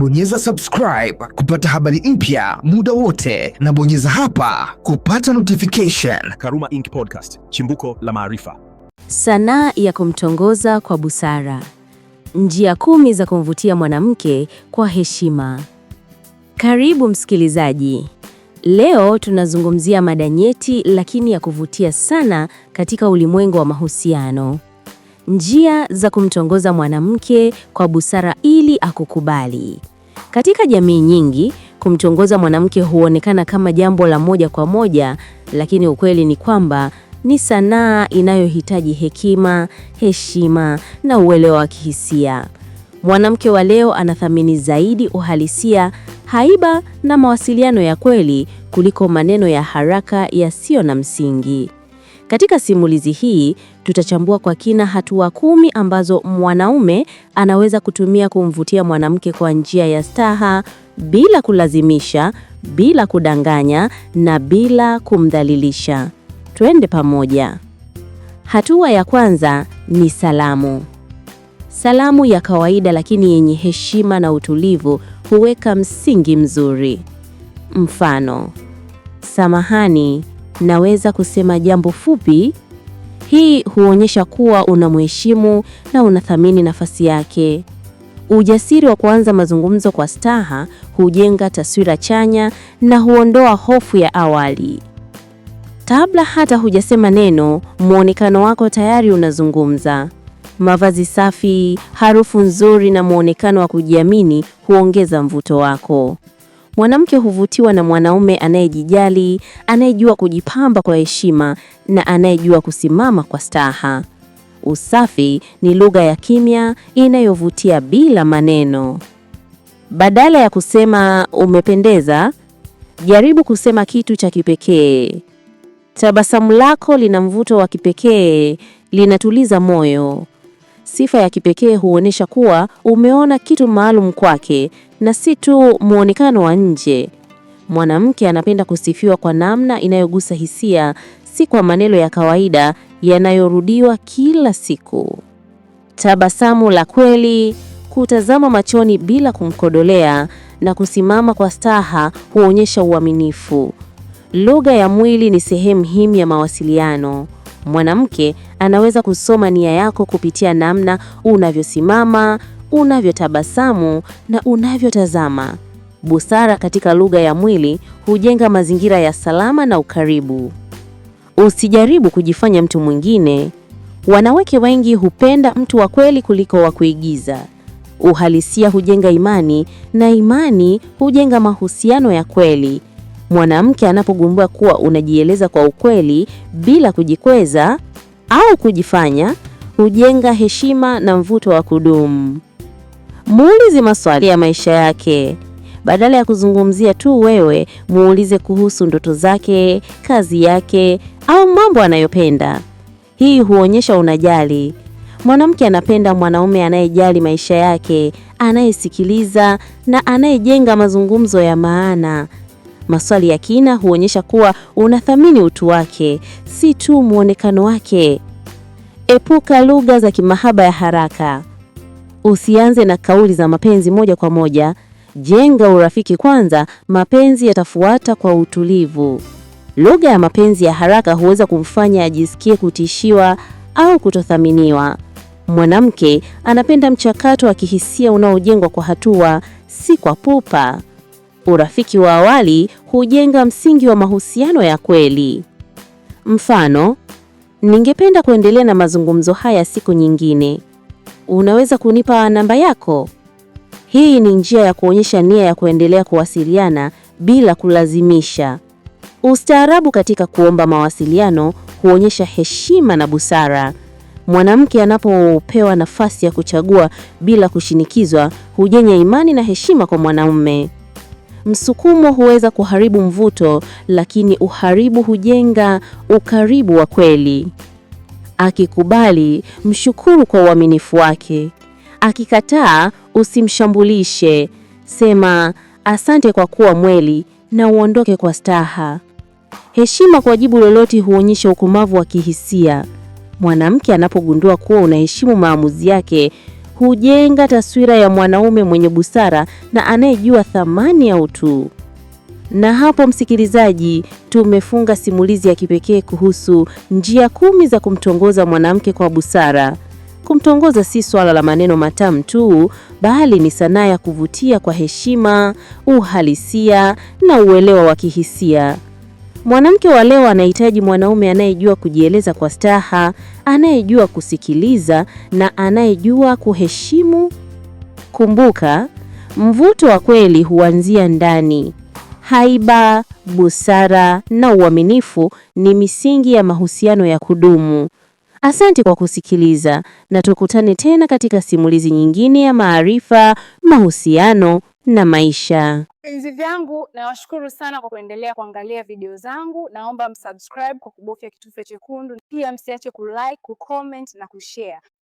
bonyeza subscribe kupata habari mpya muda wote, na bonyeza hapa kupata notification. Karuma Inc Podcast, chimbuko la maarifa. Sanaa ya kumtongoza kwa busara. Njia kumi za kumvutia mwanamke kwa heshima. Karibu msikilizaji. Leo tunazungumzia mada nyeti lakini ya kuvutia sana katika ulimwengu wa mahusiano. Njia za kumtongoza mwanamke kwa busara ili akukubali. Katika jamii nyingi, kumtongoza mwanamke huonekana kama jambo la moja kwa moja, lakini ukweli ni kwamba ni sanaa inayohitaji hekima, heshima na uelewa wa kihisia. Mwanamke wa leo anathamini zaidi uhalisia, haiba na mawasiliano ya kweli kuliko maneno ya haraka yasiyo na msingi. Katika simulizi hii tutachambua kwa kina hatua kumi ambazo mwanaume anaweza kutumia kumvutia mwanamke kwa njia ya staha, bila kulazimisha, bila kudanganya na bila kumdhalilisha. Twende pamoja. Hatua ya kwanza ni salamu. Salamu ya kawaida lakini yenye heshima na utulivu huweka msingi mzuri. Mfano: samahani, naweza kusema jambo fupi. Hii huonyesha kuwa unamheshimu na unathamini nafasi yake. Ujasiri wa kuanza mazungumzo kwa staha hujenga taswira chanya na huondoa hofu ya awali. Kabla hata hujasema neno, muonekano wako tayari unazungumza. Mavazi safi, harufu nzuri na muonekano wa kujiamini huongeza mvuto wako. Mwanamke huvutiwa na mwanaume anayejijali, anayejua kujipamba kwa heshima na anayejua kusimama kwa staha. Usafi ni lugha ya kimya inayovutia bila maneno. Badala ya kusema umependeza, jaribu kusema kitu cha kipekee. Tabasamu lako lina mvuto wa kipekee, linatuliza moyo. Sifa ya kipekee huonyesha kuwa umeona kitu maalum kwake na si tu muonekano wa nje. Mwanamke anapenda kusifiwa kwa namna inayogusa hisia, si kwa maneno ya kawaida yanayorudiwa kila siku. Tabasamu la kweli, kutazama machoni bila kumkodolea na kusimama kwa staha huonyesha uaminifu. Lugha ya mwili ni sehemu muhimu ya mawasiliano. Mwanamke anaweza kusoma nia yako kupitia namna unavyosimama, unavyotabasamu na unavyotazama. Busara katika lugha ya mwili hujenga mazingira ya salama na ukaribu. Usijaribu kujifanya mtu mwingine. Wanawake wengi hupenda mtu wa kweli kuliko wa kuigiza. Uhalisia hujenga imani na imani hujenga mahusiano ya kweli. Mwanamke anapogundua kuwa unajieleza kwa ukweli bila kujikweza au kujifanya, hujenga heshima na mvuto wa kudumu. Muulize maswali ya maisha yake. Badala ya kuzungumzia tu wewe, muulize kuhusu ndoto zake, kazi yake au mambo anayopenda. Hii huonyesha unajali. Mwanamke anapenda mwanaume anayejali maisha yake, anayesikiliza na anayejenga mazungumzo ya maana. Maswali ya kina huonyesha kuwa unathamini utu wake, si tu mwonekano wake. Epuka lugha za kimahaba ya haraka. Usianze na kauli za mapenzi moja kwa moja. Jenga urafiki kwanza, mapenzi yatafuata kwa utulivu. Lugha ya mapenzi ya haraka huweza kumfanya ajisikie kutishiwa au kutothaminiwa. Mwanamke anapenda mchakato wa kihisia unaojengwa kwa hatua, si kwa pupa. Urafiki wa awali hujenga msingi wa mahusiano ya kweli. Mfano, ningependa kuendelea na mazungumzo haya siku nyingine, unaweza kunipa namba yako? Hii ni njia ya kuonyesha nia ya kuendelea kuwasiliana bila kulazimisha. Ustaarabu katika kuomba mawasiliano huonyesha heshima na busara. Mwanamke anapopewa nafasi ya kuchagua bila kushinikizwa, hujenya imani na heshima kwa mwanaume Msukumo huweza kuharibu mvuto, lakini uharibu hujenga ukaribu wa kweli. Akikubali, mshukuru kwa uaminifu wake. Akikataa, usimshambulishe. Sema asante kwa kuwa mweli na uondoke kwa staha. Heshima kwa jibu lolote huonyesha ukomavu wa kihisia. Mwanamke anapogundua kuwa unaheshimu maamuzi yake hujenga taswira ya mwanaume mwenye busara na anayejua thamani ya utu. Na hapo msikilizaji, tumefunga simulizi ya kipekee kuhusu njia kumi za kumtongoza mwanamke kwa busara. Kumtongoza si swala la maneno matamu tu, bali ni sanaa ya kuvutia kwa heshima, uhalisia na uelewa wa kihisia. Mwanamke wa leo anahitaji mwanaume anayejua kujieleza kwa staha, anayejua kusikiliza na anayejua kuheshimu. Kumbuka, mvuto wa kweli huanzia ndani. Haiba, busara na uaminifu ni misingi ya mahusiano ya kudumu. Asante kwa kusikiliza na tukutane tena katika simulizi nyingine ya maarifa, mahusiano na maisha. Penzi vyangu nawashukuru sana kwa kuendelea kuangalia video zangu. Naomba msubscribe kwa kubofya kitufe chekundu, pia msiache kulike, kucomment na kushare.